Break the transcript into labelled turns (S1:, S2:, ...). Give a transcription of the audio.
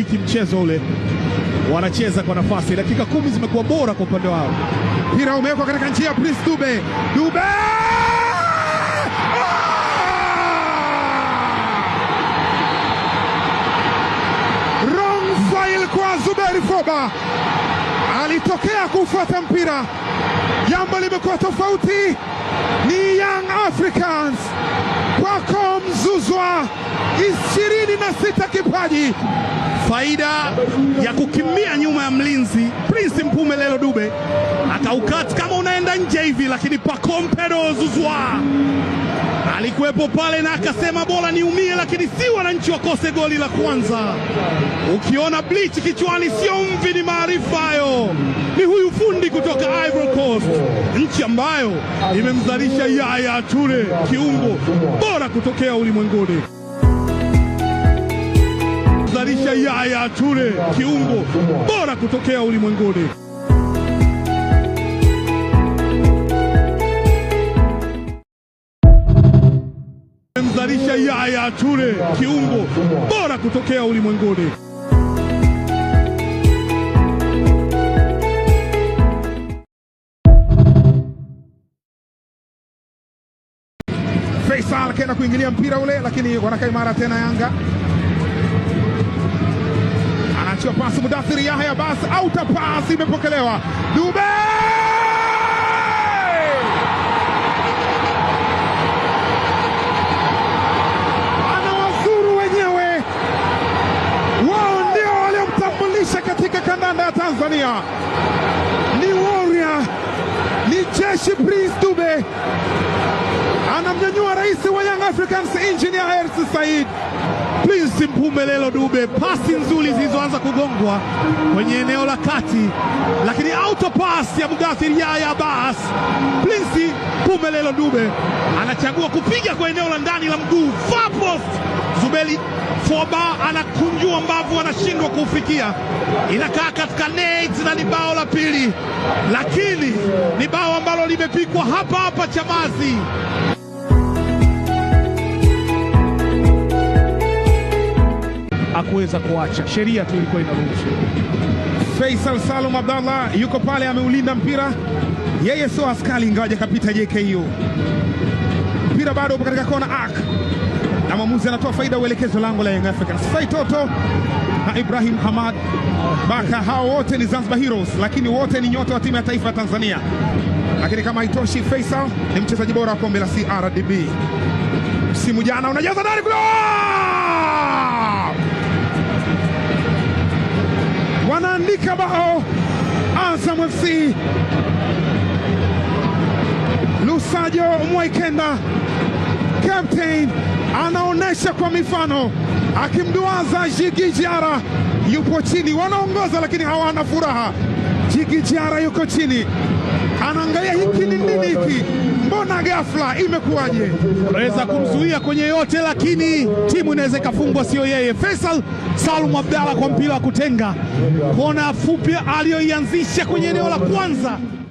S1: Hiki mchezo ule wanacheza kwa nafasi, dakika kumi zimekuwa bora kwa upande wao. Mpira umewekwa katika njia ya Prince Dube. Dube ah! wrong kwa Zuberi Foba, alitokea kufuata mpira. Jambo limekuwa tofauti, ni Young Africans kwako Mzuzwa sita kipaji, faida ya kukimbia nyuma ya mlinzi Prince Mpume Lelo Dube akaukati kama unaenda nje hivi, lakini Pakompero Zuzwa alikuwepo pale na akasema bora niumie, lakini si wananchi wakose goli la kwanza. Ukiona bleach kichwani, sio mvi, ni maarifa hayo. Ni huyu fundi kutoka Ivory Coast, nchi ambayo imemzalisha Yaya Toure, kiungo bora kutokea ulimwenguni kumzalisha Yaya Ture, kiungo bora kutokea ulimwenguni. kumzalisha Yaya Ture, kiungo bora kutokea ulimwenguni. Faisal akaenda kuingilia mpira ule, lakini wanakaa imara tena Yanga. Achwa pasi Mudathiri Yahya Bas, auta pasi imepokelewa Dube anawazuru wenyewe, wao ndio waliomtambulisha katika kandanda ya Tanzania. Ni warrior, ni jeshi Prince Dube anamnyanyua rais wa Young Africans Engineer Hersi Said. Prince Mpumelelo Dube, pasi nzuri zilizoanza kugongwa kwenye eneo la kati, lakini pass ya Mudathir Yahya Abbas. Prince Mpumelelo Dube anachagua kupiga kwa eneo la ndani la mguu, far post. Zuberi Foba anakunjua mbavu, anashindwa kuufikia, inakaa katika net na ni bao la pili, lakini ni bao ambalo limepikwa hapa hapa Chamazi. hakuweza kuacha, sheria tu ilikuwa inaruhusu. Faisal Salum Abdallah yuko pale, ameulinda mpira, yeye sio askari, ingawaje kapita JKU. Mpira bado upo katika kona ak, na mwamuzi anatoa faida uelekezo lango la Young Africans. Sai Toto na Ibrahim Hamad Baka, hao wote ni Zanzibar Heroes, lakini wote ni nyota wa timu ya taifa ya Tanzania. Lakini kama haitoshi, Faisal ni mchezaji bora wa kombe la CRDB msimu jana, unajaza dari kule Kabao, Azam FC, Lusajo Mwaikenda captain anaonesha kwa mifano akimduaza Jigi Jara, yupo chini, wanaongoza lakini hawana furaha. Jigi Jara yuko chini, anaangalia hiki ni nini hiki mbona ghafla imekuwaje? Unaweza kumzuia kwenye yote, lakini timu inaweza ikafungwa, siyo yeye. Faisal Salum Abdalla kwa mpira wa kutenga kona fupi aliyoianzisha kwenye eneo la kwanza.